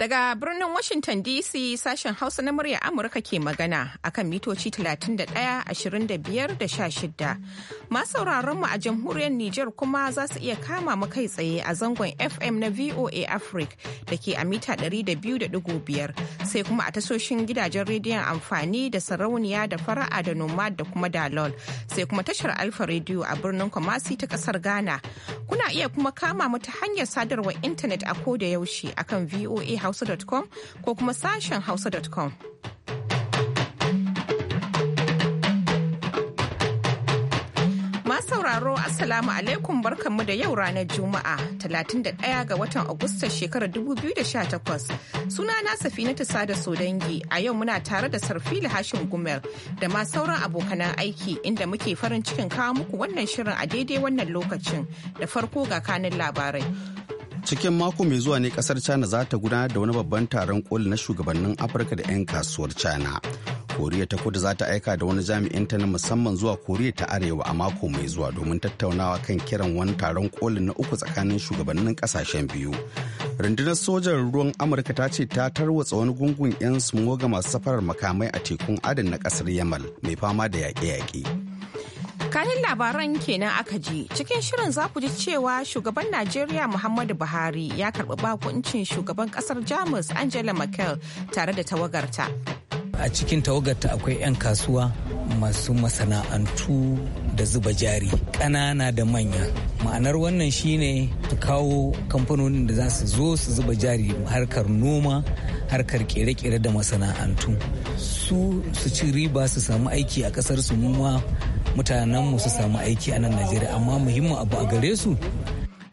Daga birnin Washington DC sashen Hausa na murya Amurka ke magana akan mitoci 31, 25 da 16. Masu sauraron mu a jamhuriyar Nijar kuma za su iya kama mu kai tsaye a zangon FM na VOA Africa da ke a mita 200.5 sai kuma a tasoshin gidajen rediyon amfani da sarauniya da fara'a da nomad da kuma dalol sai kuma tashar Alfa rediyo a birnin Kumasi ta kasar Ghana. Kuna iya kuma kama mu ta hanyar sadarwar intanet a ko da yaushe akan VOA hausa.com ko kuma sashen hausa.com. sauraro Assalamu alaikum barkanmu da yau ranar Juma'a 31 ga watan Agusta shekarar 2018. Suna na safina ta sada sodangi a yau muna tare da sarfila hashin gumel da ma sauran abokanan aiki inda muke farin cikin kawo muku wannan shirin a daidai wannan lokacin da farko ga kanin labarai. cikin mako mai zuwa ne kasar china za ta gudanar da wani babban taron koli na shugabannin afirka da 'yan kasuwar china koriya ta kudu za ta aika da wani jami'in ta na musamman zuwa koriya ta arewa a mako mai zuwa domin tattaunawa kan kiran wani taron koli na uku tsakanin shugabannin kasashen biyu rundunar sojan ruwan amurka ta ce ta tarwatsa wani gungun 'yan smoga masu safarar makamai a tekun adin na kasar yamal mai fama da yaƙe-yaƙe kayan labaran kenan aka ji cikin shirin za ku ji cewa shugaban Najeriya Muhammadu Buhari ya karɓi bakuncin shugaban ƙasar Jamus Angela Merkel tare da tawagarta. A cikin tawagarta akwai 'yan kasuwa masu masana'antu da zuba jari ƙanana da manya. Ma'anar wannan shine su kawo kamfanonin da za su zo su zuba jari harkar noma, harkar kere-kere da masana'antu. Su su ci riba su samu aiki a ƙasar su muma mutanenmu su samu aiki a nan Najeriya amma muhimmin abu a gare su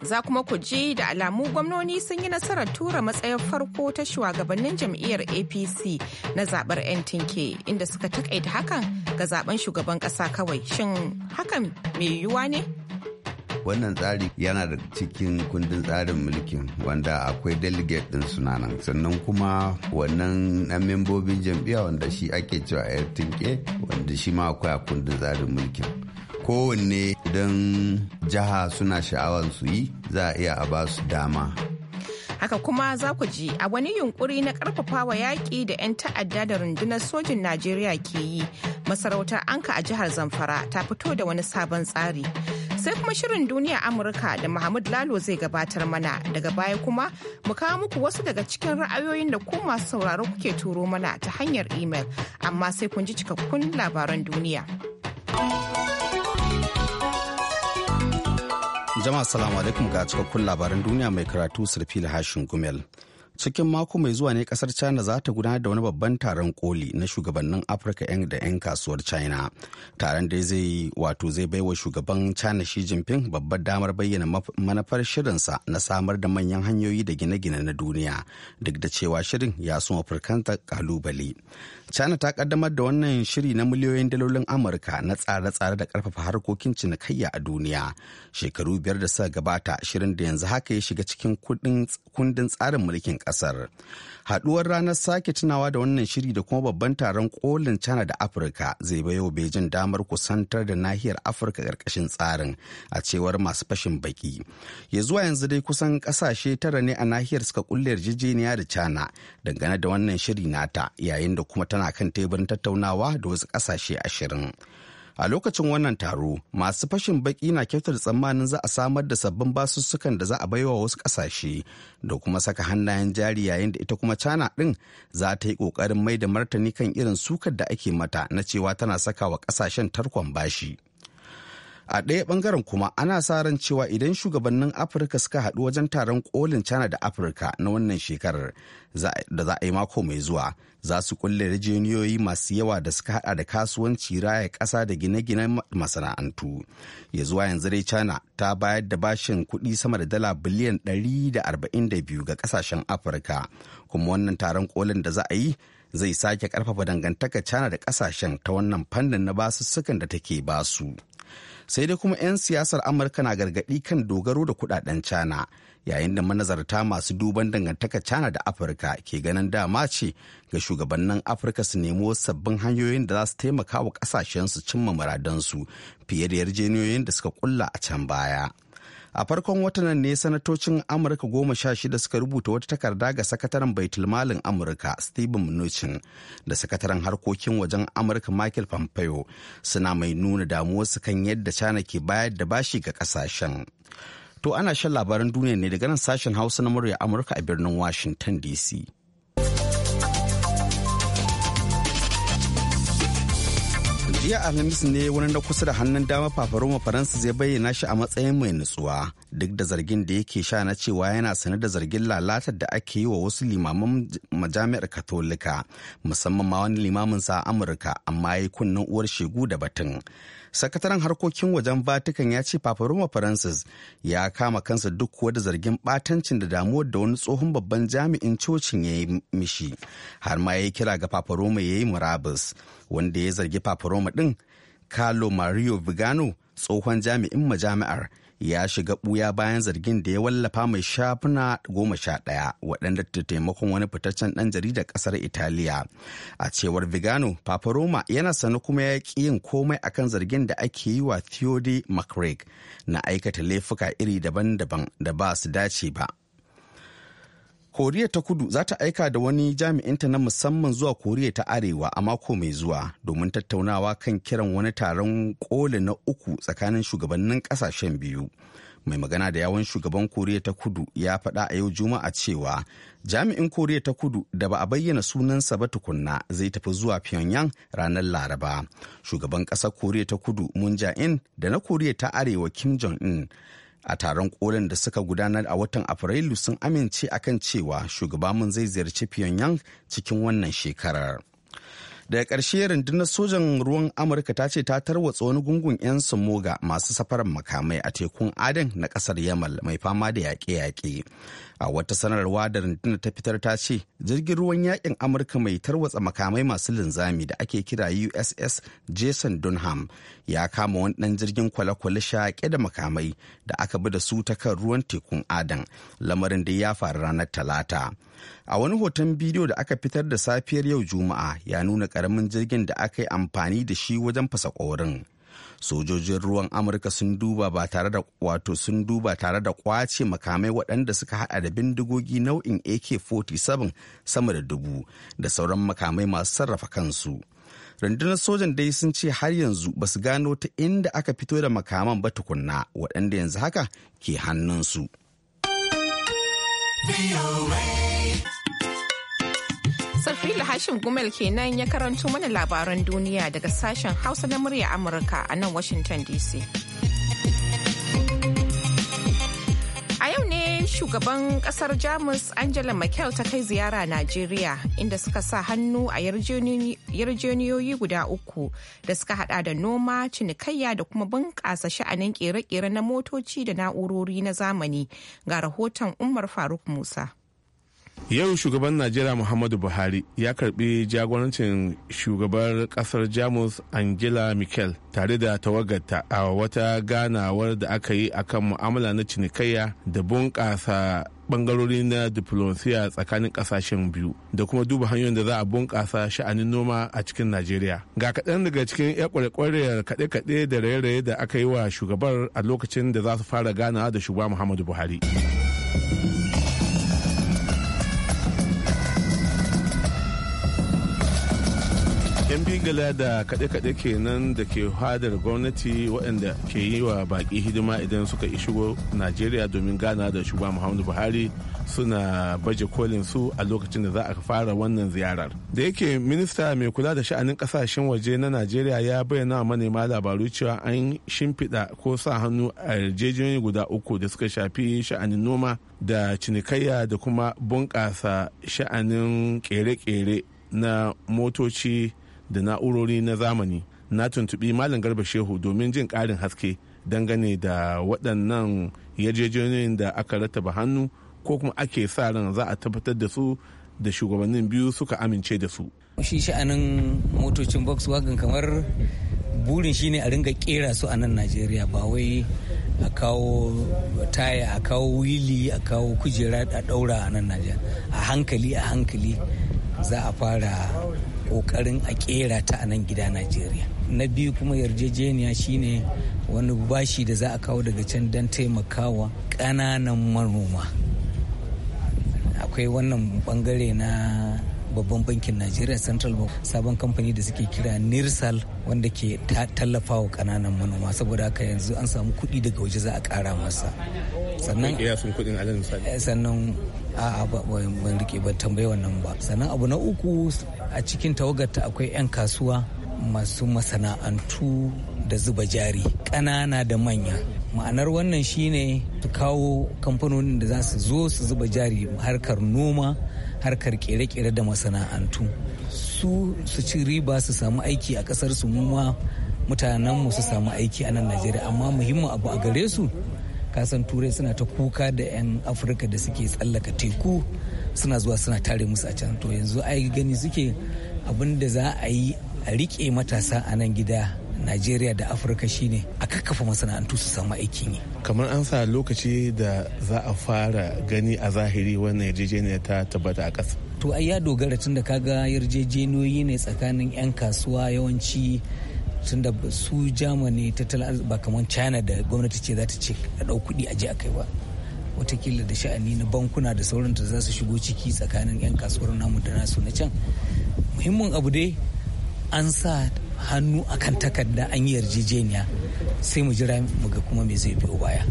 za kuma ku ji da alamu gwamnoni sun yi nasarar tura matsayin farko ta shugabannin jam'iyyar apc na zaɓar 'yan tinke inda suka takaita hakan ga zaben shugaban ƙasa kawai shin hakan mai yiwuwa ne wannan tsari yana da cikin kundin tsarin mulkin wanda akwai delegate din sunanan sannan kuma wannan na membobin jam'iyya wanda shi ake cewa a tinke wanda shi ma akwai a kundin tsarin mulkin kowanne idan jiha suna sha'awar su yi za a iya a ba su dama haka kuma za ku ji a wani yunkuri na karfafawa yaƙi da 'yan ta'adda da rundunar sojin najeriya ke yi masarautar anka a jihar zamfara ta fito da wani sabon tsari sai kuma shirin duniya Amurka da Muhammad Lalo zai gabatar mana daga baya kuma mu kawo muku wasu daga cikin ra'ayoyin da kuma sauraro kuke turo mana ta hanyar imel amma sai kun ji cikakkun labaran duniya. Jama'a salamu alaikum ga cikakkun labaran duniya mai karatu Sarfila Hashin Gumel. cikin mako mai zuwa ne kasar china za ta gudanar da wani babban taron koli na shugabannin afirka 'yan da 'yan kasuwar china taron da zai wato zai baiwa shugaban china shi jinping babbar damar bayyana manufar shirinsa na samar da manyan hanyoyi da gine-gine na duniya duk da cewa shirin ya suma furkanta kalubale china ta kaddamar da wannan shiri na miliyoyin dalolin amurka na tsare-tsare da karfafa harkokin cinikayya a duniya shekaru biyar da suka gabata shirin da yanzu haka ya shiga cikin kundin tsarin mulkin kasar haduwar ranar sake tunawa da wannan shiri da kuma babban taron kolin china da afirka zai bayo bejin damar kusantar da nahiyar afirka karkashin tsarin a cewar masu fashin baki ya zuwa yanzu dai kusan ƙasashe tara ne a nahiyar suka kulle yarjejeniya da china dangane da wannan shiri nata yayin da kuma tana kan teburin tattaunawa da wasu ƙasashe ashirin a lokacin wannan taro masu fashin baki na kyautar tsammanin za a samar da sabbin basussukan da za a baiwa wasu ƙasashe, da kuma saka hannayen jari yayin da ita kuma china ɗin za ta yi ƙoƙarin mai da martani kan irin sukar da ake mata na cewa tana saka wa kasashen tarkon bashi a ɗaya ɓangaren kuma ana sa ran cewa idan shugabannin afirka suka haɗu wajen taron kolin china da afirka na wannan shekarar da za a yi mako mai zuwa za su kulle rijiyoyi masu yawa da suka hada da kasuwanci raya ƙasa da gine gine masana'antu ya zuwa yanzu dai china ta bayar da bashin kuɗi sama da dala biliyan 142 ga ƙasashen afirka kuma wannan taron kolin da za a yi zai sake ƙarfafa dangantaka china da ƙasashen ta wannan fannin na basussukan da take basu. sai dai kuma 'yan siyasar amurka na gargaɗi kan dogaro da kudaden China yayin da manazarta masu duban dangantaka China da afirka ke ganin dama ce ga shugabannin afirka su nemo sabbin hanyoyin da za su taimaka wa kasashensu cimma muradansu fiye da yarjejeniyoyin da suka kulla a can baya. a farkon watanan ne sanatocin amurka goma sha shida suka rubuta wata takarda ga sakataren baitulmalin amurka steven mnuchin da sakataren harkokin wajen amurka michael pompeo suna mai nuna damuwarsu kan yadda china ke bayar da bashi ga kasashen to ana shan labaran duniya ne daga nan sashen hausa na murya amurka a birnin washington dc jiya alhamis ne wani na kusa da hannun dama fafaroma faransa zai bayyana shi a matsayin mai nutsuwa duk da zargin da yake sha na cewa yana sanar da zargin lalatar da ake yi wa wasu limaman majami'ar katolika musamman ma wani limamin sa amurka amma ya yi kunnen uwar shegu da batun sakataren harkokin wajen vatican ya ce papa roma francis ya kama kansa duk kuwa da zargin batancin da damuwar da wani tsohon babban jami'in cocin ya yi mishi har ma ya yi kira ga papa ya yi murabus wanda ya zargi papa roma din carlo mario vigano tsohon jami'in majami'ar ya shiga ɓuya bayan zargin da ya wallafa mai shafuna goma sha ɗaya waɗanda ta taimakon wani fitaccen ɗan jaridar ƙasar italiya a cewar vigano paparoma yana sane kuma ya ƙi yin komai akan zargin da ake yi wa theody mccraig na aikata laifuka iri daban-daban da ba su dace ba koriya ta kudu za ta aika da wani jami'inta na musamman zuwa koriya ta arewa a mako mai zuwa domin tattaunawa kan kiran wani taron koli na uku tsakanin shugabannin kasashen biyu mai magana da yawon shugaban koriya ta kudu ya faɗa a yau juma'a cewa jami'in koriya ta kudu da ba a bayyana sunansa ba tukunna zai tafi zuwa pyongyang ranar laraba shugaban ƙasar koriya ta kudu munja'in da na koriya ta arewa kim jong-un a taron kolin da suka gudanar a watan afrilu sun amince akan cewa mun zai ziyarci pyongyang cikin wannan shekarar daga ƙarshe rundunar sojan ruwan amurka ta ce ta tarwatsa wani gungun 'yan samoga masu safarar makamai a tekun adan na ƙasar yamal mai fama da yaƙe-yaƙe a wata sanarwa da rundunar ta fitar ta ce jirgin ruwan yakin amurka mai tarwatsa makamai masu linzami da ake kira uss jason dunham ya kama wani dan jirgin kwale-kwale shaƙe da makamai da aka bi da su ta kan ruwan tekun Adam. lamarin da ya faru ranar talata a wani hoton bidiyo da aka fitar da safiyar yau juma'a ya nuna ƙaramin jirgin da aka yi amfani da shi wajen fasa ƙorin. sojojin ruwan amurka sun duba ba tare da wato sun duba tare da kwace makamai waɗanda suka haɗa da bindigogi nau'in ak-47 sama da dubu da sauran makamai masu sarrafa kansu rundunar sojan dai sun ce har yanzu ba su gano ta inda aka fito da makaman ba tukunna waɗanda yanzu haka ke hannunsu. Sarfila Hashim Gumel kenan ya karanto mana labaran duniya daga sashen Hausa na murya Amurka a nan Washington DC. A yau ne shugaban kasar Jamus Angela Merkel ta kai ziyara Najeriya inda suka sa hannu a yarjeniyoyi guda uku da suka hada da noma, cinikayya da kuma bunƙasa sha'anin kere-kere na motoci da na'urori na zamani ga rahoton Umar Faruk Musa. yau shugaban najeriya muhammadu buhari ya karbi jagorancin shugabar kasar jamus angela merkel tare da tawagarta a wata ganawar da aka yi akan mu'amala na cinikayya da bunkasa bangarori na diplomasiya tsakanin kasashen biyu da kuma duba hanyoyin da za a bunƙasa sha'anin noma a cikin najeriya ga kaɗan daga cikin ya kwarekwariyar kaɗe-kaɗe da raye-raye da aka yi wa shugabar a lokacin da za su fara ganawa da shugaba muhammadu buhari 'yan gala da kaɗe-kaɗe kenan da ke hadar gwamnati waɗanda ke yi wa baƙi hidima idan suka shigo najeriya domin gana da shugaban muhammadu buhari suna baje kolin su a lokacin da za a fara wannan ziyarar da yake minista mai kula da sha'anin kasashen waje na najeriya ya bayyana wa manema labaru cewa an shimfiɗa ko sa hannu a yarjejeniyoyi guda uku da suka shafi sha'anin noma da cinikayya da kuma bunƙasa sha'anin kere-kere na motoci da na'urori na zamani na tuntubi malam garba shehu domin jin ƙarin haske dangane da waɗannan yarjejeniyoyin da aka rattaba hannu ko kuma ake sa ran za a tabbatar da su da shugabannin biyu suka amince da su. shi sha'anin motocin volkswagen kamar burin shi ne a ringa kera su a nan najeriya ba wai a kawo taya a kawo wili a kawo kujera a daura a nan najeriya a hankali a hankali za a fara kokarin a kera ta a nan gida najeriya na biyu kuma yarjejeniya shine wani bashi da za a kawo daga can don taimakawa ƙananan manoma akwai wannan bangare na babban bankin najeriya central bank sabon kamfani da suke kira nirsal wanda ke tallafa wa kananan manoma saboda haka yanzu an samu kuɗi daga waje za a ƙara masa sannan eh, sannan a ban rike ba tambayi wannan ba sannan abu na uku a cikin tawagarta akwai 'yan kasuwa masu masana'antu da zuba jari ƙanana da manya ma'anar wannan shine su kawo kamfanonin da za su zo su zuba jari harkar noma harkar kere-kere da masana'antu su su ci riba su samu aiki a kasar su muma mutanenmu su samu aiki a nan najeriya amma muhimmin abu a gare su kasan turai suna ta kuka da 'yan afirka da suke tsallaka teku suna zuwa suna tare musu a can to yanzu ai gani suke abin da za a yi a riƙe matasa a nan gida najeriya da afirka shine a kakkafa masana'antu su samu aikin yi kamar an sa lokaci da za a fara gani a zahiri wannan yarjejeniyar ta tabbata a ƙasa to ai ya dogara tun da kaga yarjejeniyoyi ne tsakanin 'yan kasuwa yawanci tun da su Germany tattalin ba kamar china da gwamnati ce za ta ce a ɗau kuɗi a je a kai ba watakila da sha'ani na bankuna da sauran za su shigo ciki tsakanin 'yan kasuwar namu da nasu na can muhimmin abu dai an sa hannu a kan takarda an yi yarjejeniya sai mu jira mu ga kuma me zai biyo baya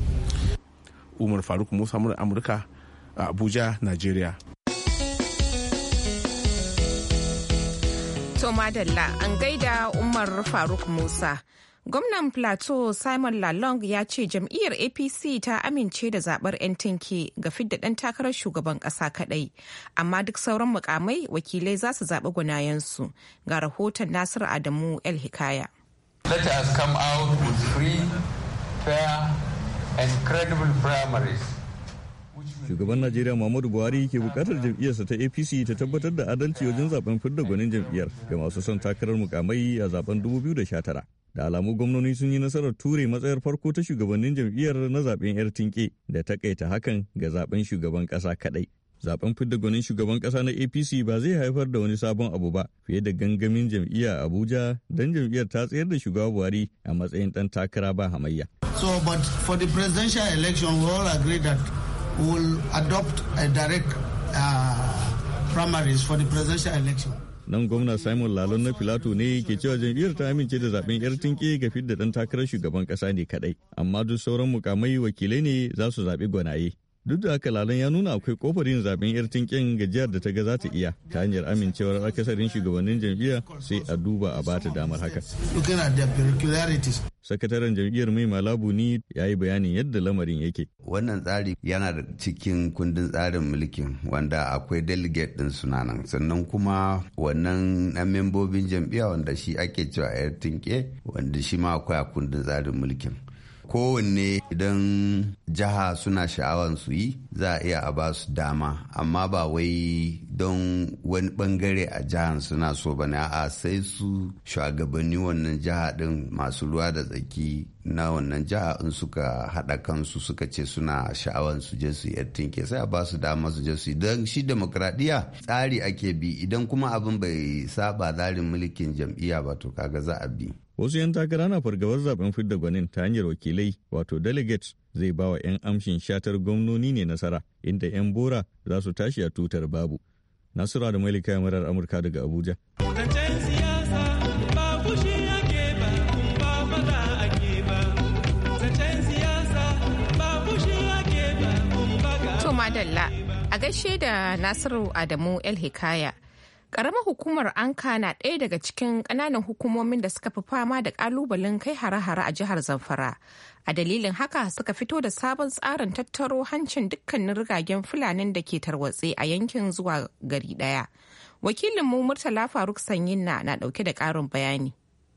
umar faruk musa mura amurka a abuja nigeria to madalla an gaida umar faruk musa Gwamnan Plateau Simon Lalong ya ce jam'iyyar APC ta amince da zabar 'yan tinke ga fidda dan takarar shugaban kasa kadai amma duk sauran mukamai wakilai za su zaɓi gunayensu ga rahoton Nasir Adamu El Hikaya. shugaban najeriya muhammadu buhari ke bukatar jam'iyyarsa ta apc ta tabbatar da adalci wajen zaben fidda gwanin jam'iyyar ga masu son takarar mukamai a zaben 2019 da alamu gwamnoni sun yi nasarar ture matsayar farko ta shugabannin jam'iyyar na zaben yar tinke da kaita hakan ga zaben shugaban kasa kadai zaben fidda gwanin shugaban kasa na apc ba zai haifar da wani sabon abu ba fiye da gangamin jam'iyya abuja don jam'iyyar ta tsayar da shugaba buhari a matsayin dan takara ba hamayya so but for the presidential election we all agree that we adopt a direct uh, primaries for the presidential election nan gwamna simon lalon na filato ne ke cewa jam'iyyar ta amince da zaben yar tinke ga fidda dan takarar shugaban kasa ne kadai amma duk sauran mukamai wakilai ne za su zaɓi gwanaye duk da haka lalan ya nuna akwai kofar yin zaben yar tinken gajiyar da ta ga za ta iya ta hanyar amincewar akasarin shugabannin jam'iyyar sai a duba a bata damar haka sakataren jam'iyyar mai malabu ni ya yi bayanin yadda lamarin yake wannan tsari yana da cikin kundin tsarin mulkin wanda akwai delegate din sunanan sannan kuma wannan na membobin jam'iyya wanda shi ake cewa yar tinke wanda shi ma akwai a kundin tsarin mulkin kowanne idan jiha suna sha'awar su yi za a iya a ba su dama amma ba wai don wani bangare a jihar suna so ba ne a sai su shugabanni wannan jiha din masu ruwa da tsaki na wannan jiha in suka haɗa kansu suka ce suna sha'awar su je su tinke sai a ba su dama su je su don shi demokradiyya tsari ake bi idan kuma abin bai saba tsarin mulkin jam'iyya ba to kaga za a bi Wasu 'yan takara na fargabar zaben fidda gwanin ta hanyar wakilai wato delegates zai ba wa 'yan amshin shatar gwamnoni ne nasara inda 'yan bora za su tashi a tutar babu. Nasura da ya marar Amurka daga Abuja. madalla a gaishe da Nasiru Adamu El Hikaya. Karamar hukumar Anka na ɗaya daga cikin ƙananan hukumomin da suka fi fama da ƙalubalen kai hare-hare a jihar Zamfara. A dalilin haka suka fito da sabon tsarin tattaro hancin dukkanin rigagen fulanin da ke tarwatse a yankin zuwa gari ɗaya. Wakilinmu Murtala Faruk Sanyinna na ɗauke da ƙarin bayani.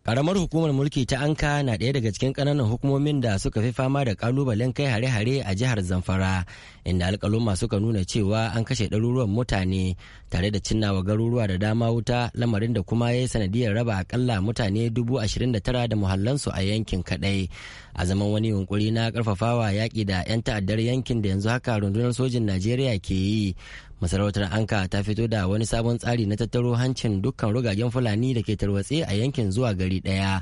Karamar hukumar mulki ta Anka na ɗaya daga cikin ƙananan hukumomin da suka fi fama da ƙalubalen kai hare-hare a jihar Zamfara, inda alƙaluma suka nuna cewa an kashe ɗaruruwan mutane tare da cinnawa garuruwa da dama wuta lamarin da kuma ya yi sanadiyar raba akalla mutane dubu ashirin da tara da muhallansu a yankin kaɗai. A zaman wani yunƙuri na ƙarfafawa yaƙi da 'yan ta'addar yankin da yanzu haka rundunar sojin Najeriya ke yi masarautar anka ta fito da wani sabon tsari na tattaro hancin dukkan rugagen fulani da ke tarwatse a yankin zuwa gari daya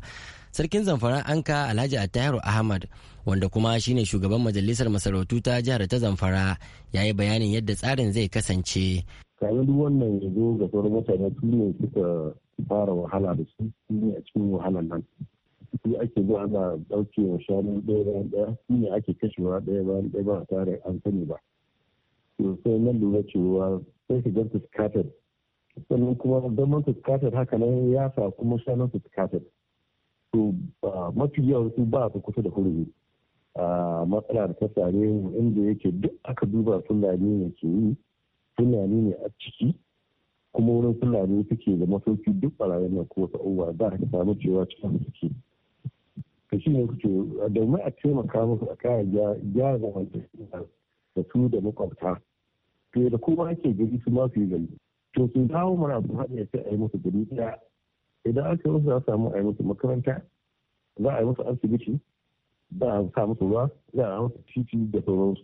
sarkin zamfara anka alhaji attahiru ahmad wanda kuma shine shugaban majalisar masarautu ta jihar ta zamfara ya yi bayanin yadda tsarin zai kasance kayan duk wannan ya zo ga sauran mutane ne suka fara wahala da su ne a cikin wahalar nan su ake zuwa ana ɗauke wa shanu ɗaya bayan ɗaya su ake kashewa ɗaya bayan ɗaya ba tare an sani ba to sai na lura cewa sai ka gan scatter sannan kuma zaman scatter haka nan ya sa kuma shanan scatter to mafi yawan su ba su kusa da hurumi matsala da ta same inda yake duk aka duba fulani ne ke yi fulani ne a ciki kuma wurin fulani suke da masauki duk barayin nan ko ta uwa za ka samu cewa cikin suke ka shi ne kuke domin a taimaka musu a kayan gyara da wanda da da makwabta to da kuma ake gari su ma su yi gari to su dawo mana abu haɗe sai a yi musu gari ɗaya idan aka musu za a samu a yi musu makaranta za a yi musu asibiti za a sa musu ruwa za a musu titi da sauransu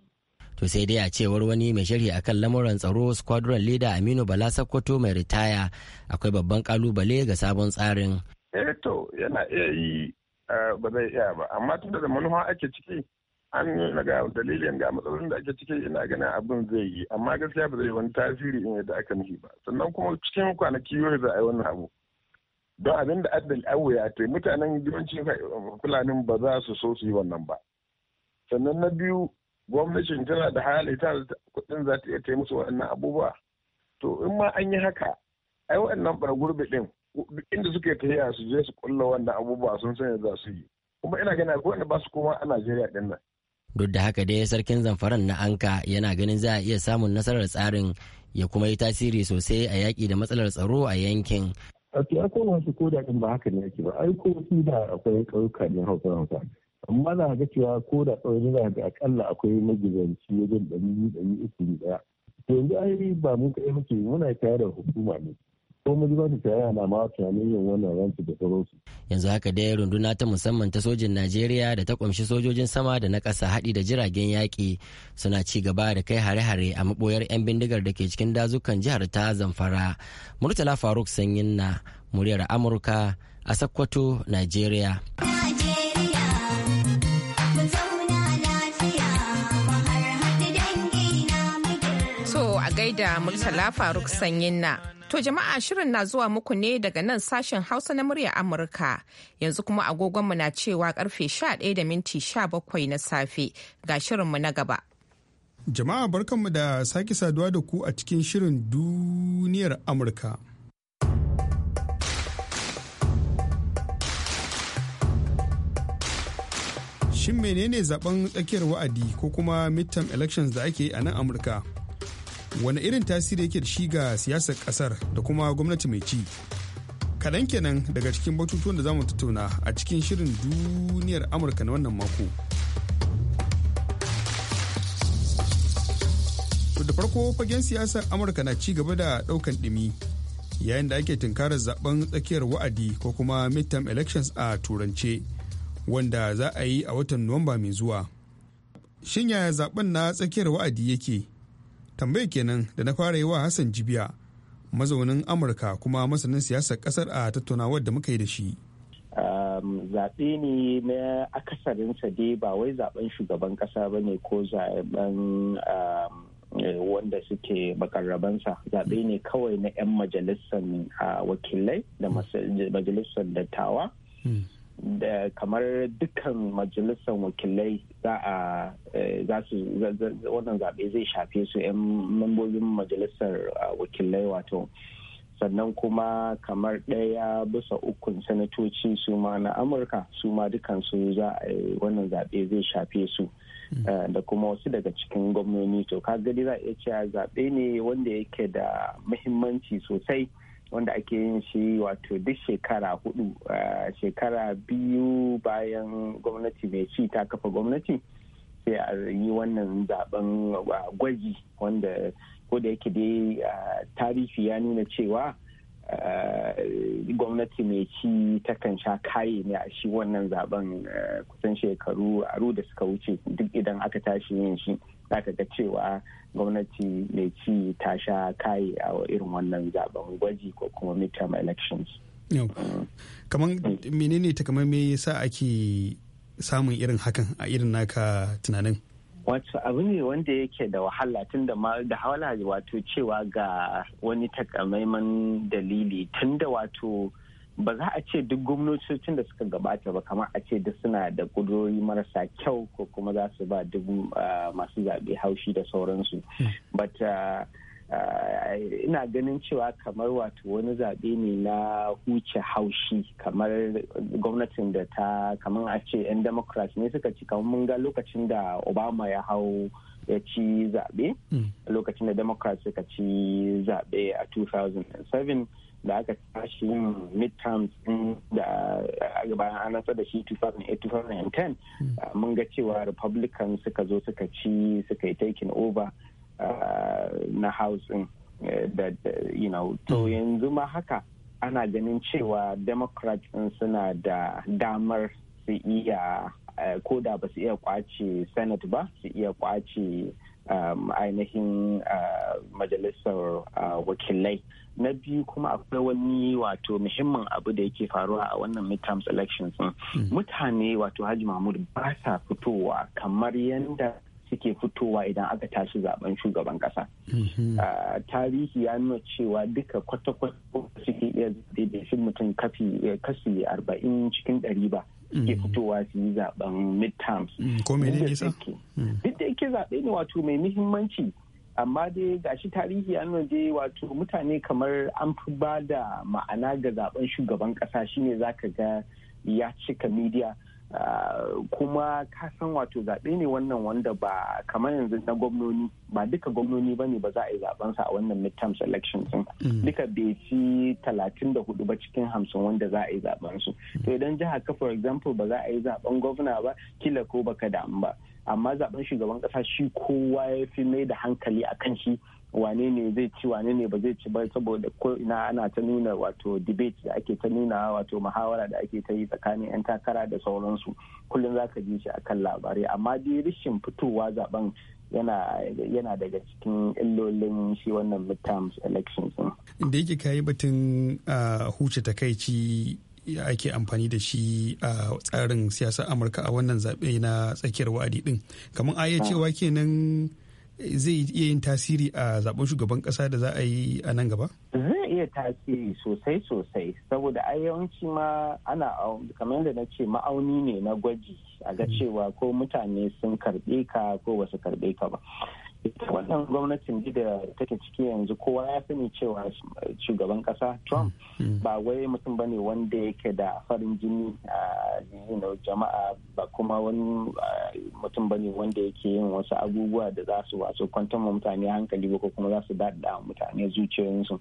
to sai dai a cewar wani mai sharhi kan lamuran tsaro squadron leader aminu bala sakkwato mai ritaya akwai babban kalubale ga sabon tsarin eh to yana iya yi eh, ba zai iya ba amma tunda da manufa ake ciki an yi na ga dalilin ga matsalolin da ake ciki ina ganin abin zai yi amma gaskiya ba zai wani tasiri in yadda aka nufi ba sannan kuma cikin kwanaki yau za a yi wannan abu don abin da addal ya ta mutanen yawancin fulanin ba za su so su yi wannan ba sannan na biyu gwamnatin tana da hali ta kudin za ta iya ta musu waɗannan abubuwa to in ma an yi haka ai waɗannan gurbi ɗin duk inda suke tafiya su je su kulla wannan abubuwa sun sanya za su yi kuma ina gani akwai wanda ba su koma a najeriya ɗin nan duk da haka dai sarkin zamfaran na anka yana ganin za a iya samun nasarar tsarin ya kuma yi tasiri sosai a yaƙi da matsalar tsaro a yankin a to masu ko da ba haka ne yake ba ai ko su da akwai ƙauyuka ne hausa hausa amma na ga cewa ko da tsaunin za ga akalla akwai magidanci wajen ɗari ɗari uku ɗaya to yanzu ai ba mu yi muke muna tare da hukuma ne komai za tsaye na ma tunanin yin wannan ranci da sauransu. yanzu haka dai runduna ta musamman ta sojin najeriya da ta kumshi sojojin sama da na ƙasa haɗi da jiragen yaƙi suna ci gaba da kai hare-hare a maɓoyar 'yan bindigar da ke cikin dazukan jihar ta zamfara murtala faruk sanyin na muryar amurka a sakkwato najeriya. da Murtala Faruk Sanyinna. To jama'a shirin na zuwa muku ne daga nan sashen Hausa na murya Amurka. Yanzu kuma agogonmu na cewa karfe 11 da minti 17 na safe ga shirinmu na gaba. Jama'a barkanmu da sake saduwa da ku a cikin shirin duniyar Amurka. Shin menene zaben tsakiyar wa'adi ko kuma midterm elections da ake yi a nan Amurka? wani irin tasiri yake da shi ga siyasar kasar da kuma gwamnati mai ci kaɗan kenan daga cikin batutuwan da za mu tattauna a cikin shirin duniyar amurka na wannan mako da farko fagen siyasar amurka na ci gaba da ɗaukan ɗimi yayin da ake tunkarar zaben tsakiyar wa'adi ko kuma midterm elections a turance wanda za a yi a watan nuwamba mai zuwa shin yaya zaben na tsakiyar wa'adi yake tambayar kenan da na fara yi wa hassan jibiya mazaunin amurka kuma masanin siyasar kasar a tattaunawar da muka yi da shi um, zaɓe ne na akasarinsa dai ba wai zaben shugaban ƙasa ba ne ko zaben um, wanda suke makarrabansa zaɓe ne kawai na 'yan majalisar uh, wakilai da majalisar dattawa hmm. da kamar dukkan majalisar wakilai za a eh, za su wannan zaɓe zai shafe su 'yan mambobin majalisar ah, wakilai wato sannan kuma kamar ɗaya bisa ukun sanatoci su ma na amurka su ma su za a wannan zaɓe zai shafe su hmm. eh, da kuma wasu daga cikin gwamnoni to ka gani za a iya cewa zaɓe ne wanda yake da muhimmanci sosai. wanda ake yin shi wato duk shekara hudu eh, shekara biyu bayan gwamnati mai ci ta kafa gwamnati sai a yi wannan zaben eh, gwaji wanda ko da yake dai eh, tarihi ya nuna cewa gwamnati mai ci takan sha kaye ne a shi wannan zaben kusan shekaru aru da suka wuce duk idan aka tashi yin shi za ka ga cewa gwamnati mai ci ta sha kai a irin wannan zaben gwaji ko kuma midterm elections. kamar menene ta kamar me yasa ake samun irin hakan a irin naka tunanin wato abu ne wanda yake da wahala tun da hawala wato cewa ga wani takamaiman dalili tun da wato ba za a ce duk gwamnatocin da suka gabata ba kamar a ce duk suna da kudurori marasa kyau ko kuma za su ba duk ah, masu zaɓe haushi da sauransu hmm. but ah, ah, ina ganin cewa kamar wato wani zaɓe ne na huce haushi kamar gwamnatin da ta kamar a ce 'yan democrat ne suka ci kamar mun ga lokacin da obama ya hau ya ci zaɓe hmm. lokacin da democrat suka ci zaɓe a 2007 da aka tashi yin midterms da bayan an nasa da shi 2008-2010 hmm. mun ga cewa republican suka zo suka ci suka yi taking over uh, na house din eh, da you know to hmm. yanzu ma haka ana ganin cewa democrats suna da damar su iya eh, ko da ba su iya kwace senate ba su iya kwace Um, ainihin uh, majalisar uh, wakilai na biyu kuma akwai wani wato muhimmin abu da yake faruwa a wannan midterms elections hmm. mutane wato haji mahmud ba sa fitowa kamar yadda suke fitowa idan aka tashi zaben shugaban kasa. Hmm. Uh, tarihi ya nuna cewa duka kwata-kwata suke iya shi mutum kasi eh, kashi arba'in cikin ɗari ba suke mm. fitowa su yi zaben midterms. Mm, ko mene nisa? Mm. Duk da yake zaɓe ne wato mai muhimmanci amma dai gashi tarihi an waje wato mutane kamar an fi ba da ma'ana ga zaben shugaban ƙasa shine ka ga ya cika media. kuma ka san wato zaɓe ne wannan wanda ba kamar yanzu na gwamnoni ba duka gwamnoni ba ne ba za a yi zaben a wannan midterm selection din mm. duka bai ci talatin da hudu ba cikin hamsin wanda za a yi zaɓensu to idan jiha ka for example ba za a yi zaɓen gwamna ba kila ko baka damu ba amma zaɓen shugaban kasa shi kowa ya fi mai da hankali a kan shi wane ne zai ci wane ne ba zai ci ba saboda ko ina ana ta nuna wato debate da ake ta nuna wato muhawara da ake ta yi tsakanin 'yan takara da sauransu kullum za ka ji shi akan labarai amma dai rashin fitowa zaben yana daga cikin illolin shi wannan midterms elections da yake kayi batun huce takaici ake amfani da shi a tsarin siyasar amurka a wannan zaɓe na tsakiyar wa'adi din kamar aya kenan zai iya yin tasiri a zaɓen shugaban ƙasa da za a yi a nan gaba? Zai iya tasiri sosai sosai saboda a yawanci ma ana kamar da na ce ma'auni ne na gwaji a ga hmm. cewa ko mutane sun karɓe ka ko wasu karɓe ka ba. wannan gwamnatin da take ciki yanzu kowa ya sani cewa shugaban kasa trump mm. ba wai mutum bane wanda yake da farin jini a jama'a ba kuma wani mutum bane wanda yake yin wasu abubuwa da za su wasu kwantar mutane hankali ko kuma za su daɗa mutane zuciyoyinsu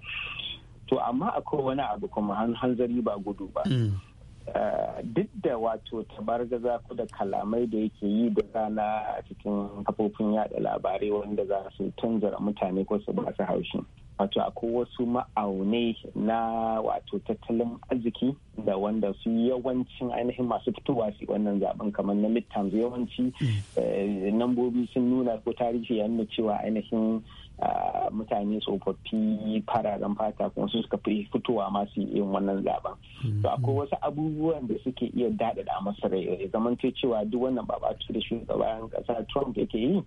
to amma akwai wani abu kuma hanzari ba gudu ba mm. Eh, duk da wato tabargaza ku da kalamai da yake yi da rana a cikin kafofin yada labarai wanda za su tunzura mutane ko su ba su haushi wato akwai wasu ma'aunai na wato tattalin arziki da wanda su yawancin ainihin masu fitowa su wannan zaben kamar na midterms yawanci eh, nambobi sun nuna ko tarihi ya nuna cewa ainihin ah, mutane tsofaffi fararen fata kuma su suka fi fitowa masu yin wannan zaben to akwai wasu abubuwan da suke iya daɗaɗa masa rai zaman cewa duk wannan babatu da shugaban ƙasa trump yake yi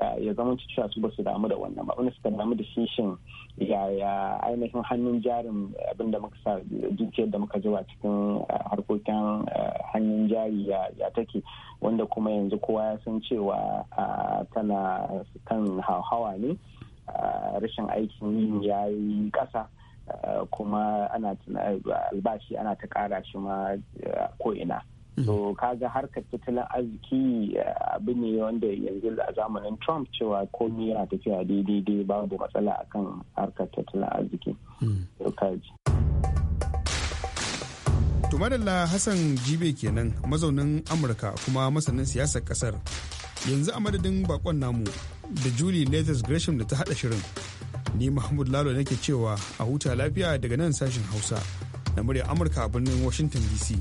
Eh, ya zama cewa su ba su damu da wannan ba wanda suka damu da shishin ya yaya ainihin hannun jarin eh, abinda muka sa dukiyar da muka zuba cikin eh, harkokin hannun jari ya take wanda kuma yanzu kowa ya san cewa ah, tana kan hawa ne ah, rashin aikin yi ya yi ƙasa kuma ana albashi ana ta ƙara shi ma ko'ina. so mm-hmm. kaga harkar tattalin arziki eh, abu ne wanda yanzu a zamanin trump cewa komi yana tafiya daidai babu matsala akan harkar tattalin arziki mm. tumadalla hassan jibe kenan mazaunin amurka kuma masanin siyasar kasar yanzu a madadin bakon namu da julie latest gresham da ta hada shirin ni mahmud lalo nake cewa a huta lafiya daga nan sashen hausa na murya amurka a birnin washington dc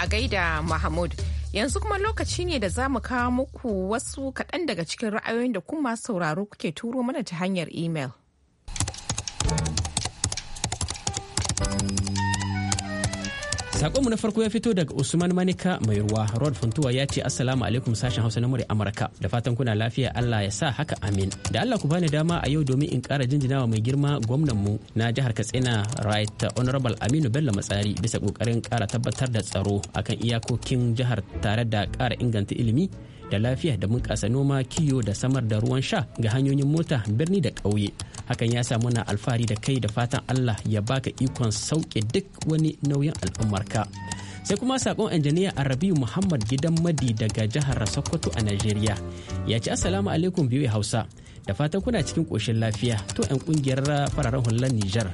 a gaida Mahmud. Yanzu kuma lokaci ne da za mu kawo muku wasu kaɗan daga cikin ra'ayoyin da kuma sauraro kuke turo mana ta hanyar imel. Sakonmu na farko ya fito daga Usman Manika mai ruwa Rod Funtuwa ya ce Assalamu alaikum sashen Hausa na murya Amurka da fatan kuna lafiya Allah ya sa haka amin. Da Allah ku bani dama a yau domin in kara jinjinawa mai girma gwamnan mu na jihar Katsina Right Honorable Aminu Bello Matsari bisa kokarin kara tabbatar da tsaro akan iyakokin jihar tare da kara inganta ilimi da lafiya da bunƙasa noma kiyo da samar da ruwan sha ga hanyoyin mota birni da ƙauye hakan ya sa muna alfahari da kai da fatan allah ya baka ikon sauke duk wani nauyin al'ummarka sai kuma sakon injiniya arabiyu muhammad gidan madi daga jihar sokoto a Najeriya ya ci assalamu alaikum biyu hausa da fatan kuna cikin ƙoshin lafiya to 'yan ƙungiyar fararen hular nijar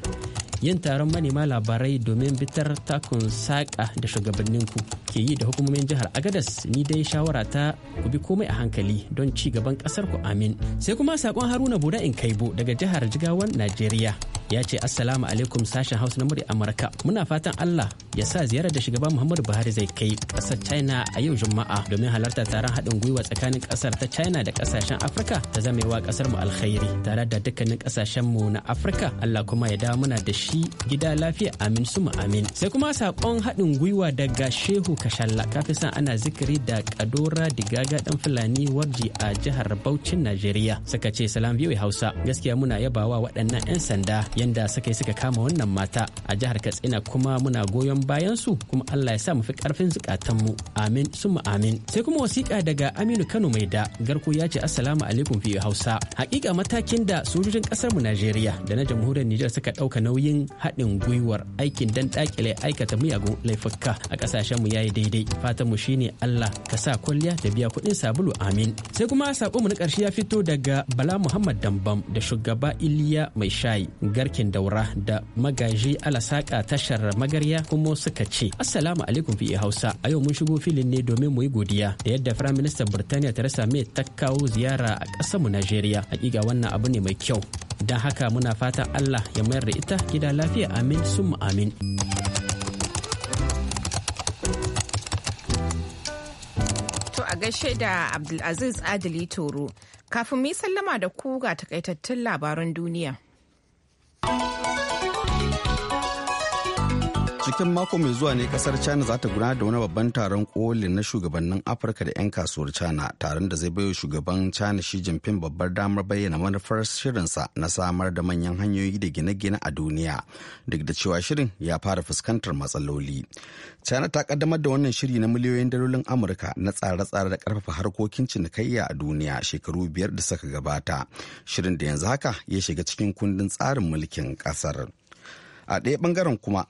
yin taron manema labarai domin bitar takun saƙa da shugabannin ku ke yi da hukumomin jihar agadas ni dai shawara ta ku bi komai a hankali don ci gaban ƙasar ku amin sai kuma saƙon haruna buda in kaibo daga jihar jigawan najeriya ya ce assalamu alaikum sashen hausa na murya amurka muna fatan allah ya sa ziyarar da shugaban muhammadu buhari zai kai kasar china a yau juma'a domin halarta taron haɗin gwiwa tsakanin ƙasar ta china da kasashen afirka ta zamewa kasar mu alkhairi tare da dukkanin kasashen mu na afirka allah kuma ya dawo muna da shi tafi gida lafiya amin suma amin sai kuma sakon haɗin gwiwa daga shehu kashalla kafi san ana zikiri da kadora digaga dan fulani warji a jihar Bauchin Najeriya suka ce salam biyu Hausa gaskiya muna yabawa waɗannan 'yan sanda yanda suka yi suka kama wannan mata a jihar Katsina kuma muna goyon bayan su kuma Allah ya sa mu fi karfin zukatanmu amin suma amin sai kuma wasiƙa daga Aminu Kano mai da garko ya ce assalamu alaikum biyu Hausa hakika matakin da sojojin ƙasarmu mu Najeriya da na jamhuriyar Nijar suka ɗauka nauyin haɗin gwiwar aikin dan dakile aikata miyagun laifuka a ƙasashen mu yayi daidai fatan mu shine Allah ka sa kwalliya ta biya kuɗin sabulu amin sai kuma sako mu na ƙarshe ya fito daga Bala Muhammad Dambam da shugaba Iliya Mai Shayi garkin daura da magaji alasaka tashar magarya kuma suka ce assalamu alaikum fi hausa a yau mun shigo filin ne domin mu yi godiya da yadda Prime ministan burtaniya theresa may ta kawo ziyara a ƙasar mu najeriya hakika wannan abu ne mai kyau don haka muna fatan allah ya mayar da ita gida lafiya amin sun amin to a gaishe da abdulaziz adili toro kafin mu yi sallama da ku ga takaitattun labaran duniya. cikin mako mai zuwa ne kasar china za ta gudanar da wani babban taron koli na shugabannin afirka da 'yan kasuwar china taron da zai baiwa shugaban china shi jinping babbar damar bayyana manufar shirinsa na samar da manyan hanyoyi da gine-gine a duniya duk da cewa shirin ya fara fuskantar matsaloli china ta kaddamar da wannan shiri na miliyoyin dalolin amurka na tsare-tsare da karfafa harkokin cinikayya a duniya shekaru biyar da suka gabata shirin da yanzu haka ya shiga cikin kundin tsarin mulkin kasar a ɗaya bangaren kuma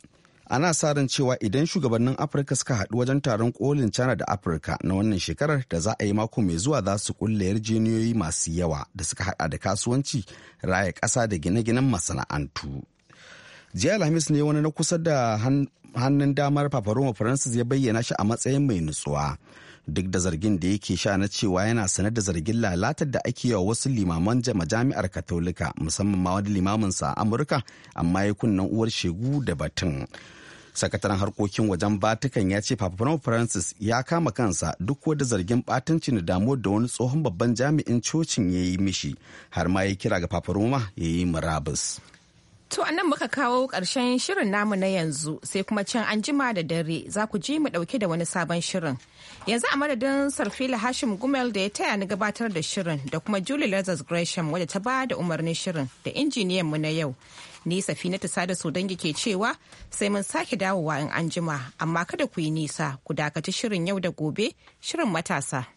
ana sa ran cewa idan shugabannin afirka suka haɗu wajen taron kolin china da afirka na wannan shekarar da za a yi mako mai zuwa za su kulle yarjejeniyoyi masu yawa da suka haɗa da kasuwanci raya ƙasa da gine-ginen masana'antu jiya alhamis ne wani na kusa da hannun damar faransa francis ya bayyana shi a matsayin mai nutsuwa duk da zargin da yake sha na cewa yana sanar da zargin lalatar da ake yi wa wasu limaman majami'ar katolika musamman ma wani limaminsa a amurka amma ya kunnan uwar shegu da batun sakataren harkokin wajen batukan ya ce papa francis ya kama kansa duk wanda zargin batanci da damo da wani tsohon babban jami'in cocin ya yi mishi har ma ya kira ga papa roma ya yi murabus To a nan muka kawo ƙarshen shirin namu na yanzu sai kuma can an jima da dare za ku ji mu ɗauke da wani sabon shirin. Yanzu a madadin Sarfila Hashim Gumel da ya taya ni gabatar da shirin da kuma Julie Lazarus Gresham wadda ta ba da umarnin shirin da injiniyan mu na yau. Ni Safina ta sada dangi ke cewa sai mun sake dawowa in an jima amma kada ku yi nisa ku dakaci shirin yau da gobe shirin matasa.